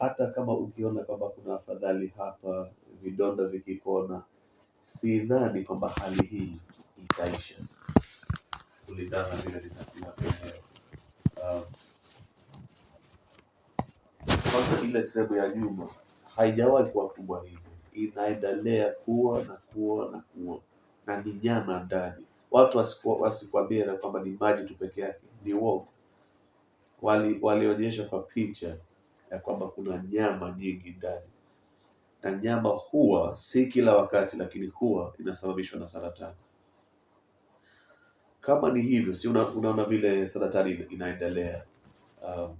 hata kama ukiona kwamba kuna afadhali hapa vidonda vikipona, sidhani kwamba hali hii itaisha kulingana vile ninavyoelewa. Um, kwanza ile sehemu ya nyuma haijawahi kuwa kubwa hivi, inaendelea kuwa na kuwa na kuwa na ni nyama ndani. Watu wasikuambia na kwamba ni maji tu peke yake, ni uongo. Walionyesha wali kwa picha ya kwamba kuna nyama nyingi ndani, na nyama huwa si kila wakati, lakini huwa inasababishwa na saratani. Kama ni hivyo, si una, unaona vile saratani inaendelea. Um,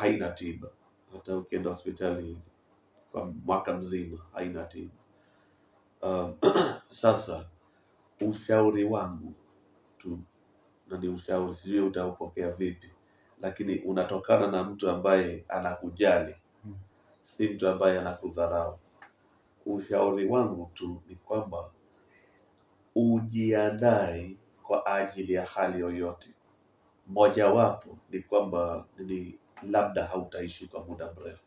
haina tiba, hata ukienda hospitali kwa mwaka mzima haina tiba. Um, sasa ushauri wangu tu na ni ushauri, sijui utaupokea vipi lakini unatokana na mtu ambaye anakujali, hmm. si mtu ambaye anakudharau. Ushauri wangu tu ni kwamba ujiandae kwa ajili ya hali yoyote. Mojawapo ni kwamba ni labda hautaishi kwa muda mrefu,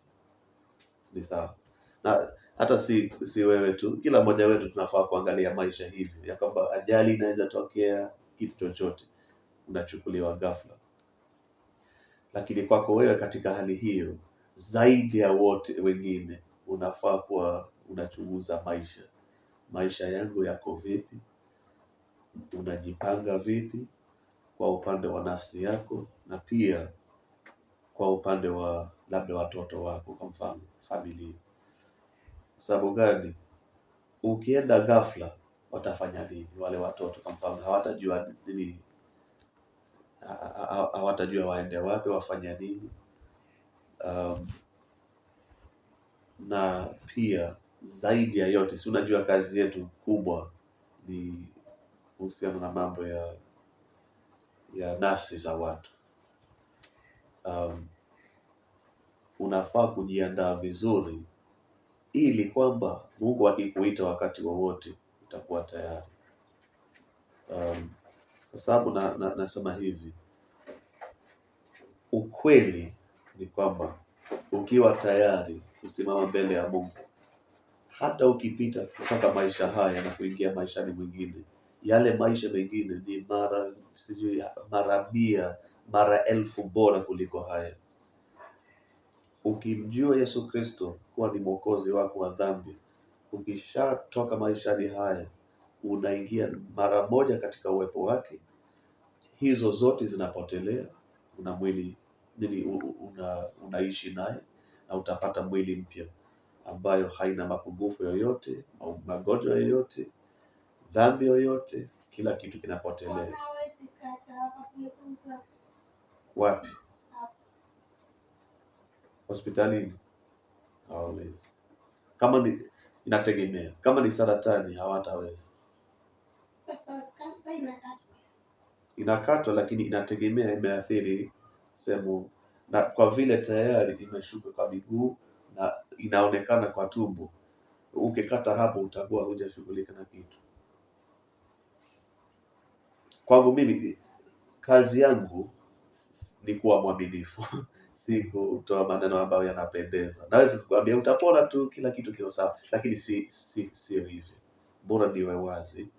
ni sawa na hata si si wewe tu, kila mmoja wetu tunafaa kuangalia maisha hivyo, ya kwamba ajali inaweza tokea, kitu chochote unachukuliwa ghafla lakini kwako wewe katika hali hiyo, zaidi ya wote wengine, unafaa kuwa unachunguza maisha. Maisha yangu yako vipi? Unajipanga vipi kwa upande wa nafsi yako na pia kwa upande wa labda watoto wako, kwa mfano familia. Sababu gani? Ukienda ghafla watafanya nini wale watoto? Kwa mfano hawatajua nini hawatajua waende wapi, wafanya nini. Um, na pia zaidi ya yote, si unajua kazi yetu kubwa ni kuhusiana na mambo ya ya nafsi za watu. Um, unafaa kujiandaa vizuri ili kwamba Mungu akikuita wakati wowote utakuwa tayari. Um, kwa sababu na, na, nasema hivi, ukweli ni kwamba ukiwa tayari kusimama mbele ya Mungu, hata ukipita kutoka maisha haya na kuingia maishani mwingine, yale maisha mengine ni mara sijui mara mia mara elfu bora kuliko haya. Ukimjua Yesu Kristo kuwa ni mwokozi wako wa dhambi, ukishatoka maishani haya unaingia mara moja katika uwepo wake, hizo zote zinapotelea, una mwili nini, una, unaishi naye na utapata mwili mpya ambayo haina mapungufu yoyote, magonjwa yoyote, dhambi yoyote, kila kitu kinapotelea. Wapi? Hospitalini? Hawawezi. Kama ni, inategemea kama ni saratani hawataweza inakatwa, lakini inategemea imeathiri sehemu, na kwa vile tayari imeshuka kwa miguu na inaonekana kwa tumbo, ukikata hapo utakuwa hujashughulika na kitu. Kwangu mimi kazi yangu ni kuwa mwaminifu si kutoa maneno ambayo yanapendeza. Naweza kukuambia utapona tu, kila kitu kio sawa, lakini si si sio hivyo. Bora niwe wazi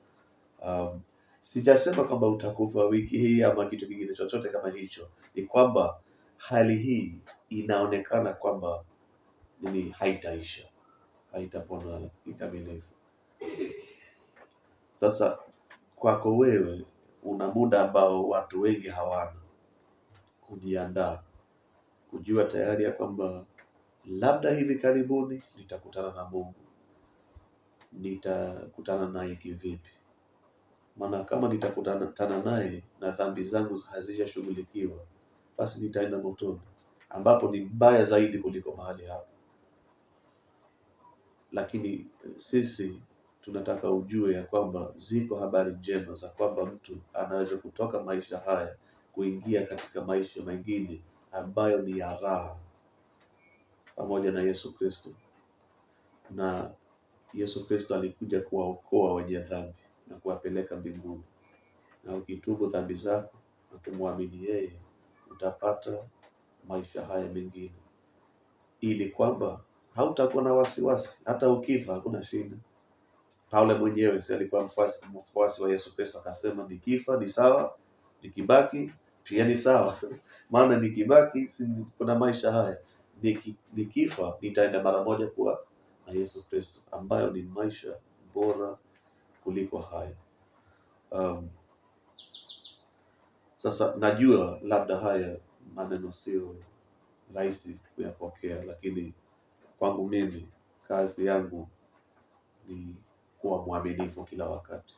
Um, sijasema kwamba utakufa wiki hii ama kitu kingine chochote kama hicho, ni kwamba hali hii inaonekana kwamba nini, haitaisha, haitapona kikamilifu. Sasa kwako wewe una muda ambao watu wengi hawana, kujiandaa, kujua tayari ya kwamba labda hivi karibuni nitakutana na Mungu, nitakutana naye kivipi? maana kama nitakutana naye na dhambi zangu hazijashughulikiwa, basi nitaenda motoni, ambapo ni mbaya zaidi kuliko mahali hapa Lakini sisi tunataka ujue ya kwamba ziko habari njema za kwamba mtu anaweza kutoka maisha haya kuingia katika maisha mengine ambayo ni ya raha pamoja na Yesu Kristo, na Yesu Kristo alikuja kuwaokoa wenye dhambi na kuwapeleka mbinguni. Na ukitubu dhambi zako na kumwamini yeye, utapata maisha haya mengine, ili kwamba hautakuwa na wasiwasi, hata ukifa hakuna shida. Paulo mwenyewe si alikuwa mfuasi, mfuasi wa Yesu Kristo, akasema nikifa ni sawa, nikibaki pia ni sawa maana nikibaki si kuna maisha haya, nikifa nitaenda mara moja kuwa na Yesu Kristo, ambayo ni maisha bora kuliko hayo. Um, sasa najua labda haya maneno sio rahisi kuyapokea, lakini kwangu mimi kazi yangu ni kuwa mwaminifu kila wakati.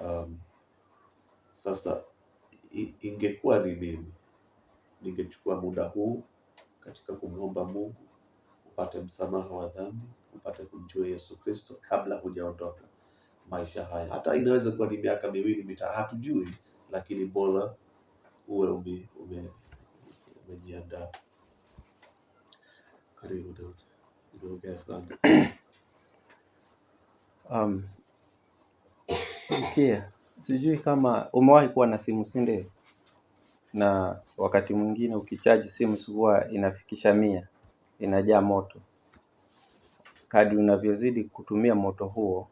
Um, sasa ingekuwa ni mimi, ningechukua muda huu katika kumwomba Mungu upate msamaha wa dhambi, upate kumjua Yesu Kristo kabla hujaondoka maisha haya, hata inaweza kuwa ni miaka miwili mitaa hatujui, lakini bora uwe ume, ume, umejiandaa. Karibu umeongea sana um, Mkia, sijui kama umewahi kuwa na simu, si ndio? Na wakati mwingine ukichaji simu huwa inafikisha mia, inajaa moto. kadi unavyozidi kutumia moto huo,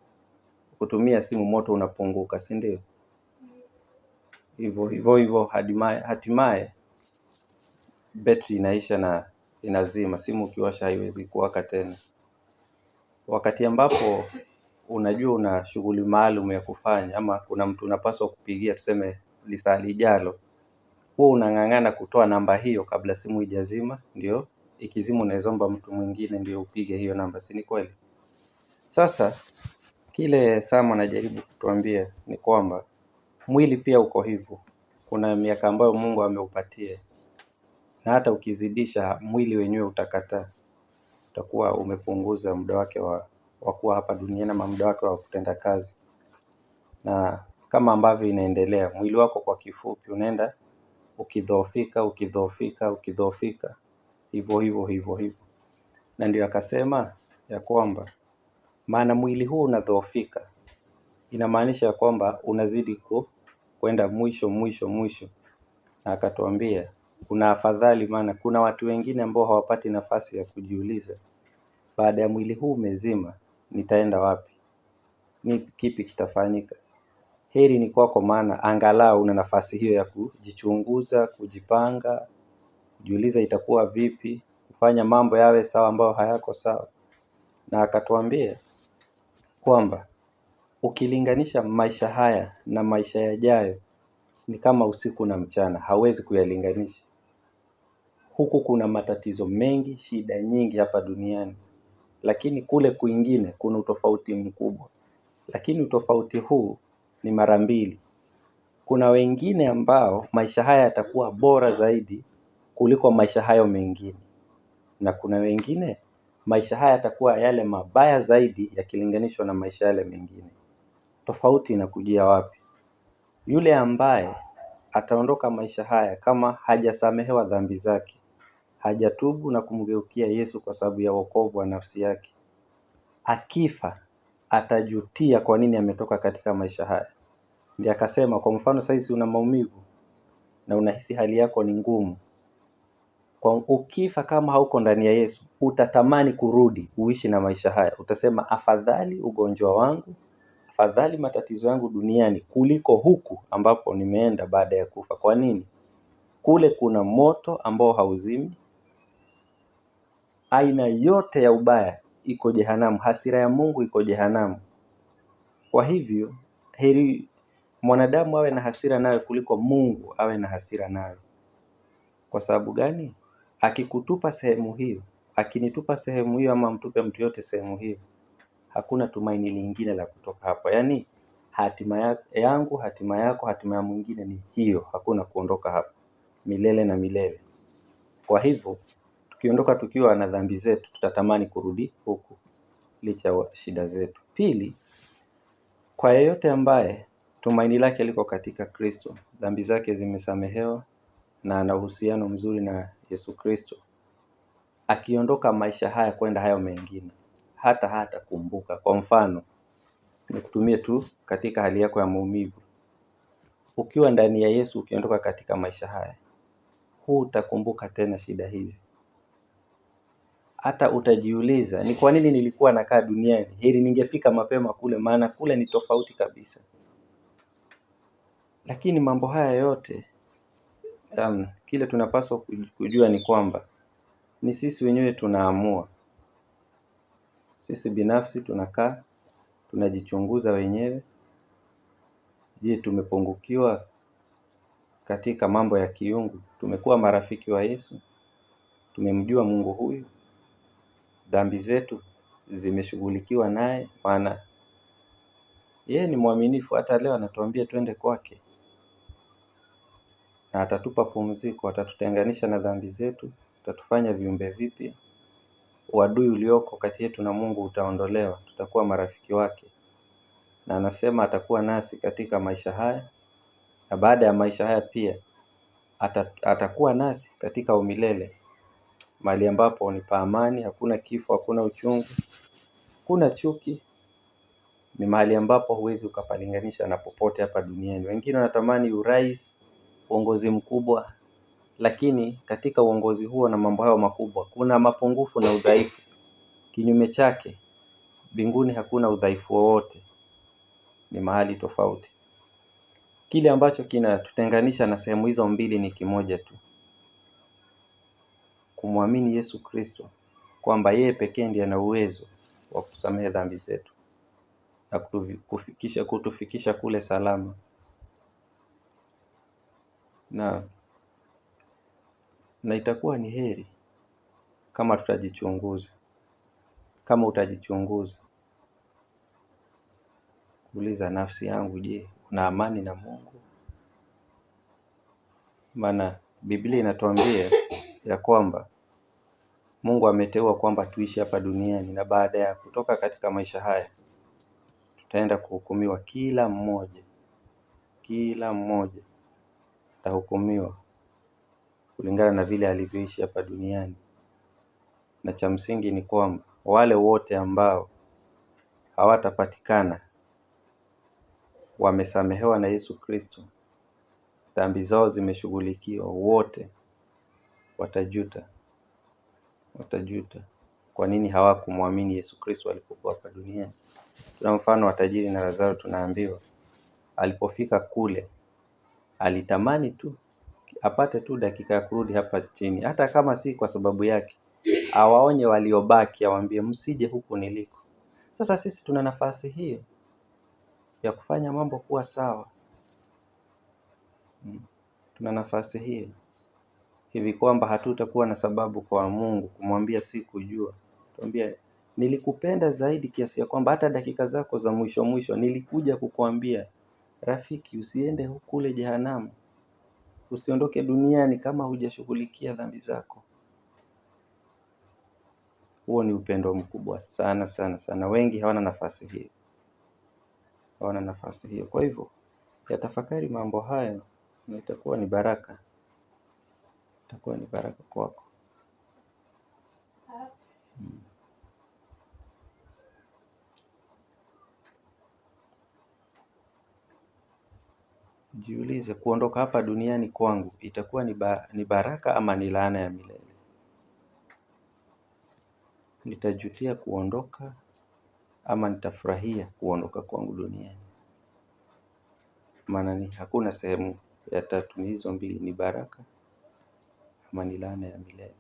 kutumia simu moto unapunguka, si ndio? Hivyo hivyo hivyo hatimaye betri inaisha na inazima. Simu ukiwasha haiwezi kuwaka tena. Wakati ambapo unajua una shughuli maalum ya kufanya ama kuna mtu unapaswa kupigia, tuseme lisaa lijalo, huwa unang'ang'ana kutoa namba hiyo kabla simu ijazima, ndio ikizima unaezomba mtu mwingine ndio upige hiyo namba, si ni kweli? Sasa Kile Sam anajaribu kutuambia ni kwamba mwili pia uko hivyo, kuna miaka ambayo Mungu ameupatia, na hata ukizidisha mwili wenyewe utakataa, utakuwa umepunguza muda wake wa, wa kuwa hapa duniani ama muda wake wa kutenda kazi, na kama ambavyo inaendelea, mwili wako kwa kifupi unaenda ukidhoofika ukidhoofika ukidhoofika hivyo hivyo hivyo hivyo, na ndio akasema ya kwamba maana mwili huu unadhoofika, inamaanisha ya kwamba unazidi ku, kwenda mwisho mwisho mwisho. Na akatuambia kuna afadhali, maana kuna watu wengine ambao hawapati nafasi ya kujiuliza, baada ya mwili huu umezima, nitaenda wapi? Ni kipi kitafanyika? Heri ni kwako, maana angalau una nafasi hiyo ya kujichunguza, kujipanga, kujiuliza itakuwa vipi, kufanya mambo yawe sawa ambayo hayako sawa. Na akatuambia kwamba ukilinganisha maisha haya na maisha yajayo ni kama usiku na mchana, hawezi kuyalinganisha. Huku kuna matatizo mengi, shida nyingi hapa duniani, lakini kule kwingine kuna utofauti mkubwa. Lakini utofauti huu ni mara mbili. Kuna wengine ambao maisha haya yatakuwa bora zaidi kuliko maisha hayo mengine, na kuna wengine maisha haya yatakuwa yale mabaya zaidi yakilinganishwa na maisha yale mengine. Tofauti inakujia wapi? Yule ambaye ataondoka maisha haya kama hajasamehewa dhambi zake, hajatubu na kumgeukia Yesu kwa sababu ya wokovu wa nafsi yake, akifa atajutia kwa nini ametoka katika maisha haya. Ndiye akasema, kwa mfano, saizi una maumivu na unahisi hali yako ni ngumu, kwa ukifa kama hauko ndani ya Yesu, utatamani kurudi uishi na maisha haya. Utasema afadhali ugonjwa wangu, afadhali matatizo yangu duniani kuliko huku ambapo nimeenda baada ya kufa. Kwa nini? Kule kuna moto ambao hauzimi. Aina yote ya ubaya iko jehanamu, hasira ya Mungu iko jehanamu. Kwa hivyo heri mwanadamu awe na hasira nayo kuliko Mungu awe na hasira nayo Kwa sababu gani? akikutupa sehemu hiyo, akinitupa sehemu hiyo, ama mtupe mtu yote sehemu hiyo, hakuna tumaini lingine la kutoka hapa. Yaani hatima yangu, hatima yako, hatima ya mwingine ni hiyo, hakuna kuondoka hapa milele na milele. Kwa hivyo tukiondoka tukiwa na dhambi zetu, tutatamani kurudi huku licha ya shida zetu. Pili, kwa yeyote ambaye tumaini lake liko katika Kristo, dhambi zake zimesamehewa na ana uhusiano mzuri na Yesu Kristo akiondoka maisha haya kwenda hayo mengine, hata hata kumbuka. Kwa mfano, nikutumie tu katika hali yako ya maumivu, ukiwa ndani ya Yesu, ukiondoka katika maisha haya, hutakumbuka tena shida hizi. Hata utajiuliza ni kwa nini nilikuwa nakaa duniani, heri ningefika mapema kule, maana kule ni tofauti kabisa. Lakini mambo haya yote um, kile tunapaswa kujua ni kwamba ni sisi wenyewe tunaamua. Sisi binafsi tunakaa tunajichunguza wenyewe. Je, tumepungukiwa katika mambo ya kiungu? Tumekuwa marafiki wa Yesu? Tumemjua Mungu huyu? Dhambi zetu zimeshughulikiwa naye, maana yeye ni mwaminifu, hata leo anatuambia twende kwake na atatupa pumziko, atatutenganisha na dhambi zetu, atatufanya viumbe vipya. Uadui ulioko kati yetu na Mungu utaondolewa, tutakuwa marafiki wake, na anasema atakuwa nasi katika maisha haya na baada ya maisha haya pia atakuwa nasi katika umilele, mahali ambapo ni pa amani, hakuna kifo, hakuna uchungu, hakuna chuki. Ni mahali ambapo huwezi ukapalinganisha na popote hapa duniani. Wengine wanatamani urais, uongozi mkubwa, lakini katika uongozi huo na mambo hayo makubwa kuna mapungufu na udhaifu. Kinyume chake, mbinguni hakuna udhaifu wowote, ni mahali tofauti. Kile ambacho kinatutenganisha na sehemu hizo mbili ni kimoja tu, kumwamini Yesu Kristo kwamba yeye pekee ndiye ana uwezo wa kusamehe dhambi zetu na kutufikisha, kutufikisha kule salama na na itakuwa ni heri kama tutajichunguza, kama utajichunguza kuuliza nafsi yangu, je, una amani na Mungu? Maana Biblia inatuambia ya kwamba Mungu ameteua kwamba tuishi hapa duniani na baada ya kutoka katika maisha haya tutaenda kuhukumiwa kila mmoja, kila mmoja atahukumiwa kulingana na vile alivyoishi hapa duniani, na cha msingi ni kwamba wale wote ambao hawatapatikana wamesamehewa na Yesu Kristo, dhambi zao zimeshughulikiwa, wote watajuta, watajuta kwa nini hawakumwamini Yesu Kristo alipokuwa hapa duniani. Tuna mfano wa tajiri na Lazaro, tunaambiwa alipofika kule alitamani tu apate tu dakika ya kurudi hapa chini, hata kama si kwa sababu yake, awaonye waliobaki, awaambie msije huku niliko. Sasa sisi tuna nafasi hiyo ya kufanya mambo kuwa sawa, hmm. tuna nafasi hiyo hivi kwamba hatutakuwa na sababu kwa Mungu kumwambia sikujua. Tuambie, nilikupenda zaidi kiasi ya kwamba hata dakika zako za mwisho mwisho nilikuja kukuambia Rafiki usiende kule jehanamu, usiondoke duniani kama hujashughulikia dhambi zako. Huo ni upendo mkubwa sana sana sana. Wengi hawana nafasi hiyo, hawana nafasi hiyo. Kwa hivyo yatafakari mambo hayo, na itakuwa ni baraka, itakuwa ni baraka kwako. Hmm. Jiulize kuondoka hapa duniani kwangu itakuwa ni baraka ama ni laana ya milele. Nitajutia kuondoka ama nitafurahia kuondoka kwangu duniani. Maana ni hakuna sehemu ya tatu, ni hizo mbili, ni baraka ama ni laana ya milele.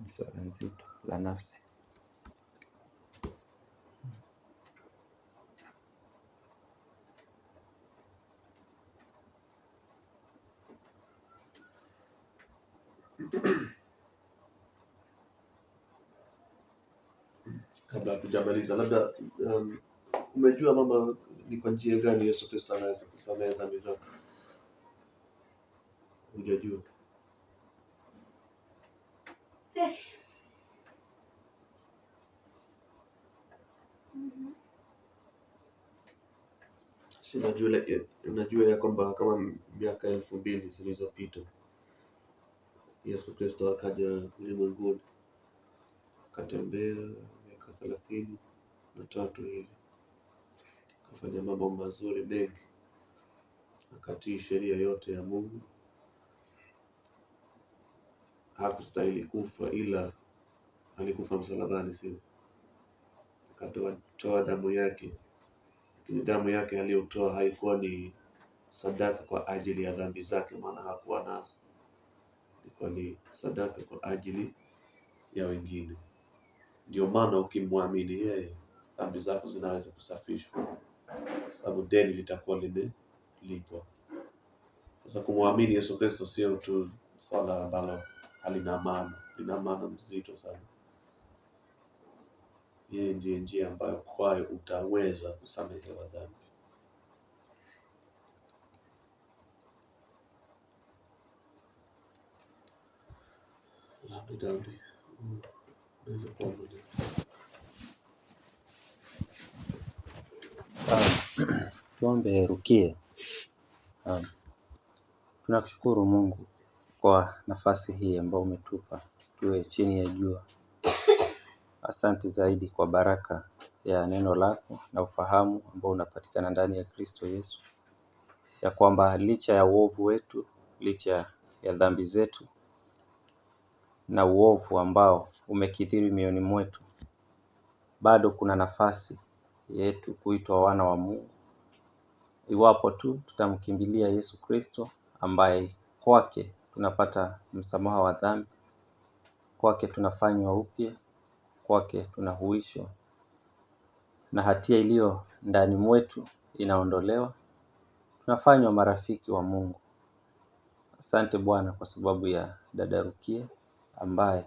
Ni swala nzito la nafsi. kabla hatujamaliza, labda um, umejua mama, ni kwa njia gani Yesu Kristo anaweza kusamehe dhambi zako? Hujajua? Si najua ya kwamba kama miaka elfu mbili zilizopita Yesu Kristo akaja ulimwenguni akatembea miaka thelathini na tatu hivi, akafanya mambo mazuri mengi, akatii sheria yote ya Mungu. Hakustahili kufa, ila alikufa msalabani, sio? Akatoa damu yake, lakini damu yake aliyotoa haikuwa ni sadaka kwa ajili ya dhambi zake, maana hakuwa nazo ilikuwa ni sadaka kwa ajili ya wengine. Ndio maana ukimwamini yeye, dhambi zako zinaweza kusafishwa, sababu deni litakuwa limelipwa. Sasa kumwamini Yesu Kristo sio tu swala ambalo halina maana, lina maana mzito sana. Yeye ndiye njia ambayo kwayo utaweza kusamehewa dhambi. Ah, tuombe Rukia. Ah, Tunakushukuru Mungu kwa nafasi hii ambayo umetupa tuwe chini ya jua. Asante zaidi kwa baraka ya neno lako na ufahamu ambao unapatikana ndani ya Kristo Yesu, ya kwamba licha ya uovu wetu, licha ya dhambi zetu, na uovu ambao umekithiri mioyoni mwetu, bado kuna nafasi yetu kuitwa wana wa Mungu iwapo tu tutamkimbilia Yesu Kristo ambaye kwake tunapata msamaha wa dhambi, kwake tunafanywa upya, kwake tunahuishwa, na hatia iliyo ndani mwetu inaondolewa, tunafanywa marafiki wa Mungu. Asante Bwana kwa sababu ya dada Rukia, ambaye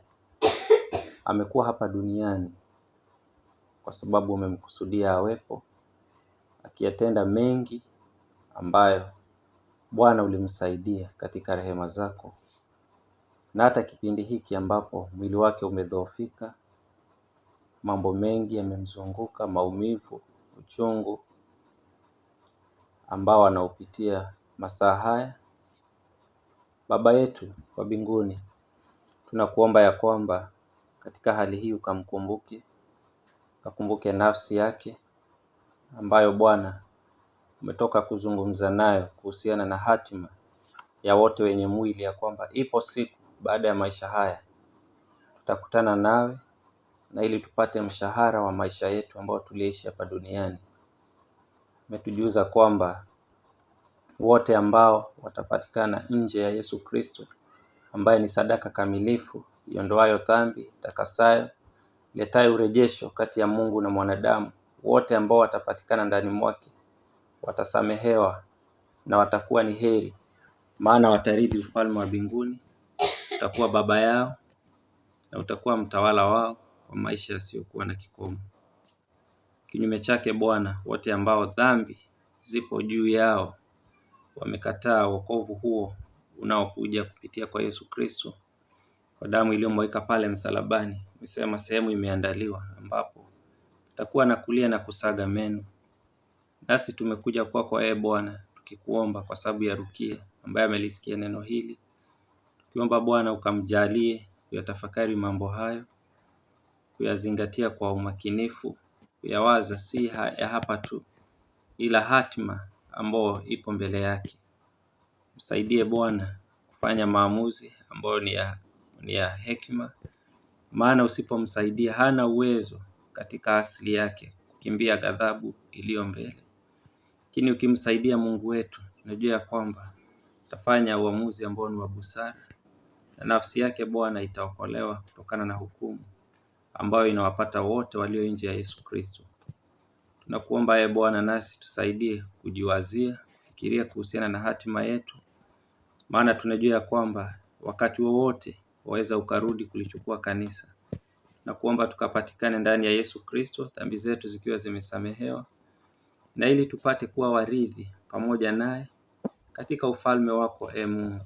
amekuwa hapa duniani kwa sababu umemkusudia awepo, akiyatenda mengi ambayo Bwana ulimsaidia katika rehema zako, na hata kipindi hiki ambapo mwili wake umedhoofika, mambo mengi yamemzunguka, maumivu, uchungu ambao anaupitia masaa haya. Baba yetu wa mbinguni, Tunakuomba ya kwamba katika hali hii ukamkumbuke, ukakumbuke nafsi yake ambayo Bwana umetoka kuzungumza nayo kuhusiana na hatima ya wote wenye mwili, ya kwamba ipo siku baada ya maisha haya tutakutana nawe, na ili tupate mshahara wa maisha yetu ambayo tuliishi hapa duniani. Umetujuza kwamba wote ambao watapatikana nje ya Yesu Kristo ambaye ni sadaka kamilifu iondoayo dhambi, takasayo letayo urejesho kati ya Mungu na mwanadamu. Wote ambao watapatikana ndani mwake watasamehewa na watakuwa ni heri, maana watarithi ufalme wa mbinguni. Utakuwa baba yao na utakuwa mtawala wao kwa maisha yasiyokuwa na kikomo. Kinyume chake, Bwana, wote ambao dhambi zipo juu yao wamekataa wokovu huo unaokuja kupitia kwa Yesu Kristo kwa damu iliyomwagika pale msalabani. umesema sehemu imeandaliwa ambapo utakuwa na kulia na kusaga meno. Nasi tumekuja kwako kwa ee Bwana, tukikuomba kwa sababu ya Rukia ambaye amelisikia neno hili, tukiomba Bwana ukamjalie kuyatafakari mambo hayo, kuyazingatia kwa umakinifu, kuyawaza si ya hapa tu, ila hatima ambayo ipo mbele yake. Msaidie Bwana kufanya maamuzi ambayo ni ya, ni ya hekima, maana usipomsaidia hana uwezo katika asili yake kukimbia ghadhabu iliyo mbele. Lakini ukimsaidia Mungu wetu, tunajua ya kwamba utafanya uamuzi ambao ni wa busara, na nafsi yake Bwana itaokolewa kutokana na hukumu ambayo inawapata wote walio nje ya Yesu Kristo. Tunakuomba ye ee Bwana, nasi tusaidie kujiwazia, kufikiria kuhusiana na hatima yetu maana tunajua ya kwamba wakati wowote waweza ukarudi kulichukua kanisa, na kuomba tukapatikane ndani ya Yesu Kristo, dhambi zetu zikiwa zimesamehewa, na ili tupate kuwa warithi pamoja naye katika ufalme wako, e Mungu.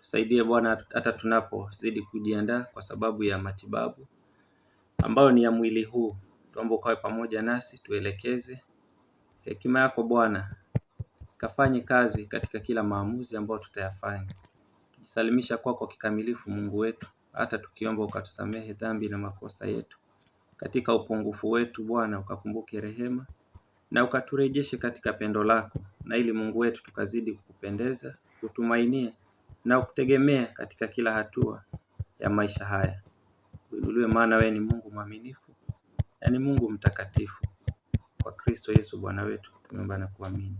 Tusaidie Bwana, hata tunapozidi kujiandaa kwa sababu ya matibabu ambayo ni ya mwili huu, tuombe ukawe pamoja nasi, tuelekeze hekima yako Bwana Ikafanye kazi katika kila maamuzi ambayo tutayafanya. tujisalimisha kwako kikamilifu Mungu wetu, hata tukiomba ukatusamehe dhambi na makosa yetu. Katika upungufu wetu Bwana, ukakumbuke rehema na ukaturejeshe katika pendo lako, na ili Mungu wetu tukazidi kukupendeza, kutumainia na kutegemea katika kila hatua ya maisha haya. Uinuliwe, maana wewe ni Mungu mwaminifu na ni Mungu mtakatifu. Kwa Kristo Yesu Bwana wetu tumeomba na kuamini.